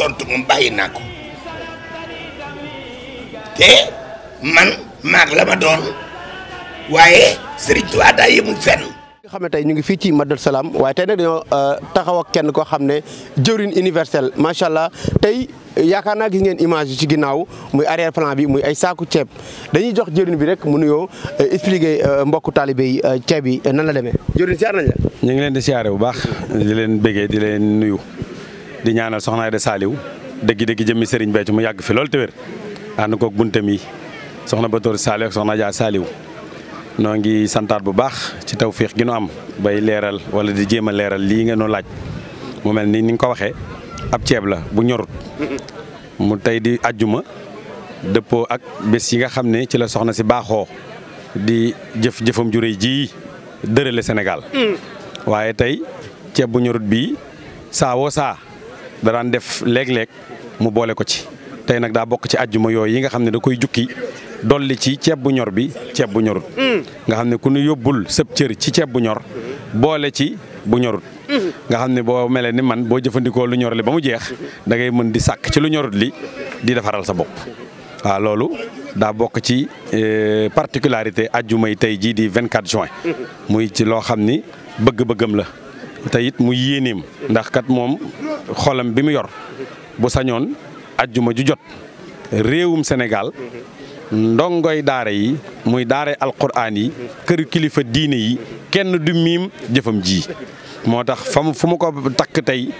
tontu moom bàyyi te man maag la ma doon waaye Serigne Touba daa yemul fenn. nga xam ne tey ñu ngi fii ci Madou Salaam waaye tey nag dañoo euh, taxawa kenn koo xam ne jëwriñ universel macha allah tey yaakaar naa gis ngeen image ci ginnaaw muy arrière plan bi muy ay saaku ceeb dañuy jox jëwriñ bi rek mu nuyoo euh, expliquer euh, mbokku taalibe yi ceeb yi nan la demee jëwriñ siyaar ñu ngi leen di siyaare bu baax di leen bëggee di leen nuyu. di ñaanal soxna Aida saaliw dëgg-dëgg jëmmi Serigne Béthio mu yàgg fi loolu te wér ànd koog buntam yi soxna Batoor Saliou ak soxna Dia Saliou noo ngi santaat bu baax ci tawféex gi nu am bay leeral wala di jéem a leeral lii nga laaj mu mel ni ni nga ko waxee ab ceeb la bu ñorut mu tey di ajjuma dëppoo ak bés yi nga xam ne ci la soxna si baaxoo di jëf jëfam ju rëy ji dërële senegal mm. waaye tey ceeb bu ñorut bii saawoo saa da def léeg-léeg mu boole ko ci tey nag daa bokk ci àjjuma yooyu yi nga xam ne da koy jukki dolli ci ceeb bu ñor bi ceeb bu ñorut mm. nga xam ne ku ñu yóbbul sëb cër ci ceeb bu ñor boole ci bu ñorut mm. nga xam ne boo melee ni man boo jëfandikoo lu ñor li ba mu jeex dangay mën di sàkk ci lu ñorut li di defaral sa bopp waaw loolu daa bokk ci eh, particularité àjjuma yi tey jii di 24 juin mm-hmm. muy ci loo xam ni bëgg-bëggam la te it mu yéeneem ndax kat moom xolam bi mu yor bu sañoon ajjuma ju jot réewum Sénégal ndongoy daara yi muy daara alquraan yi kër kilifa diine yi kenn du miim jëfam ji moo tax fa fu mu ko takk tey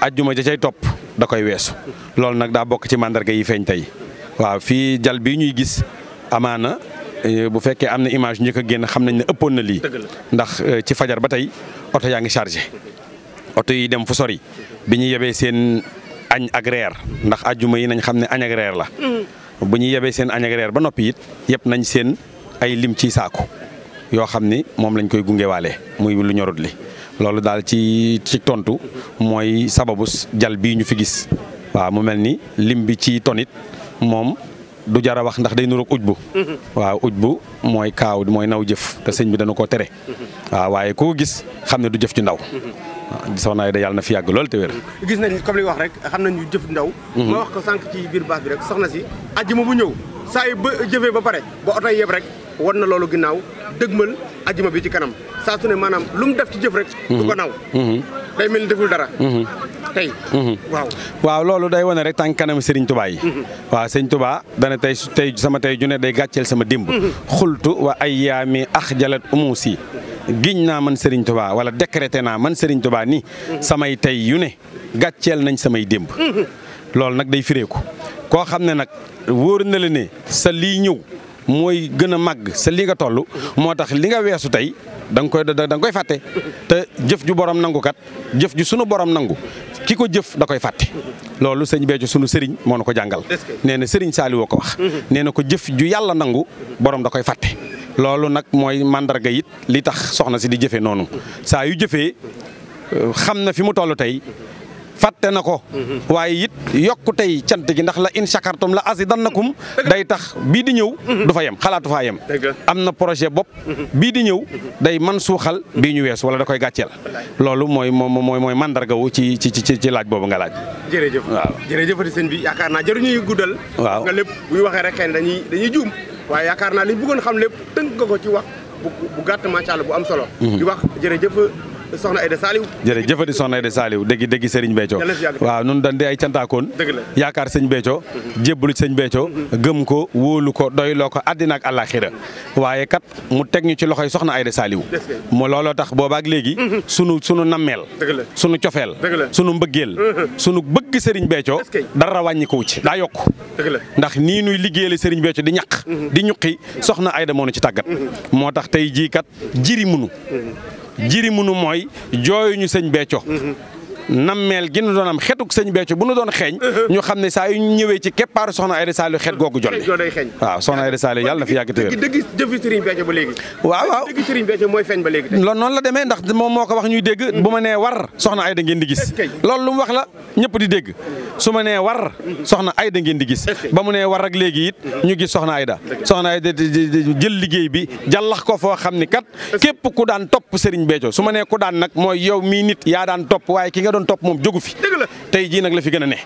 ajjuma ja cay topp da koy weesu loolu nag daa bokk ci màndarga yi feeñ tey waaw fii jal bii ñuy gis amaana eh, bu fekkee am na image njëkk a génn xam nañ ne ëppoon na lii ndax eh, ci fajar ba tey oto yaa ngi chargé oto yi dem fu sori bi ñu yebee seen añ ak reer ndax ajjuma yi nañ xam ne añ ak la mm. bu ñu yebee seen añ ak ba noppi it yëpp nañ seen ay lim ci saaku yoo xam ni moom lañ koy gungewaale muy lu ñorut li loolu daal ci ci tontu mooy sababu jal bii ñu fi gis waaw mu mel ni lim bi ci tonit moom du jar a wax ndax day nuroog uj bu mhm. waaw uj bu mooy kaaw mooy naw jëf te sëñ bi dana koo tere mhm. waaw waaye koo gis xam ne du jëf ci ndaw mhm. soxna Aida yàlla fi yàgg lool te gis nañ comme li wax rek xam nañu jëf ndaw ma wax ko rek soxna si ajjuma bu ñëw saa yu ba jëfee ba pare ba oto yëpp rek won na loolu ginnaaw dëgmal ajjuma bi ci kanam saa su ne maanaam lu def ci jëf rek du ko naw day mel ni deful dara tey mhm. waaw waaw loolu day wane rek tànk kanam Serigne Touba yi mhm. waaw Serigne Touba dana tey tey sama tey ju ne day gàcceel sama démb mhm. xultu wa ay yaami ax jalat si giñ naa man Serigne Touba wala décrété naa man Serigne Touba ni samay tey yu ne gàcceel nañ samay démb loolu nag day fireeku koo xam ne nag wóor na la ne sa lii ñëw mooy gën a màgg sa li nga toll moo tax li nga weesu tey da nga koy da nga koy fàtte te jëf ju borom nangu kat jëf ju sunu borom nangu ki ko jëf da koy fàtte loolu sëñ Béthio sunu sëriñ moo na ko jàngal nee na sëriñ Saliou ko wax mhm. nee na ko jëf ju yàlla nangu boroom da koy fàtte loolu nag mooy màndarga it li tax soxna si di jëfe noonu saa yu jëfee euh, xam na fi mu toll tey fàtte na ko waaye it yokku tey cant gi ndax la in shakartum la azidannakum day tax bii di ñëw mhm. du fa yem xalaatu faa yem am na projet bopp mhm. bii di ñëw day man suuxal bii ñu wees wala da koy gàcceel loolu mooy mooy mooy mandarga wu ci ci ci ci laaj boobu nga laaj jërëjëf waaw jërëjëfati sëñ bi yaakaar naa jëruñuy guddal waaw nga lépp bu waxee rek xëy na dañuy dañuy juum waaye yaakaar naa li ñu bëggoon xam lépp tënk nga ko ci wax bu gàtt ma allah bu am solo mhm. di wax jërëjëf soxna Aida Saliou jërëjëfati soxna Aida Saliou dégg dégg Serigne Béthio waaw nun dañ di ay cantaakoon yaakaar sëñ Béthio mhm. jébbalu sëñ Béthio mhm. gëm ko wóolu ko doyloo ko àddina ak àllaaxira waaye kat mu teg ñu ci loxoy soxna Aida Saliou mu looloo tax booba ak léegi mhm. sunu sunu nammeel sunu cofeel sunu mbëggeel sunu bëgg Serigne Béthio dara wàññi ci daa yokk ndax nii nuy liggéeyale Serigne Béthio di ñaq di ñuqi soxna Aida moo nu ci tàggat moo tax tey jii kat jiri munu jiri munu mooy jooyuñu sëñ Béthio nammeel gi nu doon am xetuk sëñ Béthio bu nu doon xeeñ uh-huh. ñu xam ne saa yu ñëwee ci keppaaru soxna Aïda Saliou xet googu jolle waaw soxna Aïda Saliou ba léegi waaw waaw dëgg sëriñ Béthio mooy feeñ ba moo ko wax ñuy dégg mm-hmm. bu ma nee war soxna Aïda ngeen di gis loolu lu mu wax la ñëpp di dégg su ma nee war mm-hmm. soxna Aïda ngeen di gis ba mu nee war ak léegi it mm-hmm. ñu gis soxna Aïda soxna Aïda jël liggéey bi jàllax ko foo xam ni kat képp ku daan topp sëriñ Béthio su ma nee ku daan nag mooy yow mii nit yaa daan topp waaye ki nga ca doon topp moom jógu fi tey jii nag la fi gën a ne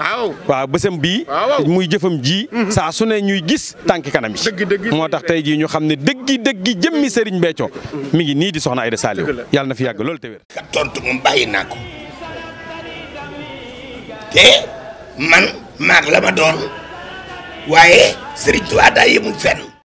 waaw bësëm bii muy jëfam ji mhm. saa su ne ñuy gis tànki kanam yi moo tax tey jii ñu xam ne dëggi dëggi jëmmi Serigne Béthio mi ngi nii di soxna Aïda Saliou yàlla na fi yàgg loolu te wér tontu moom bàyyi naa ko te man maag la ma doon waaye Serigne Touba daa yemul fenn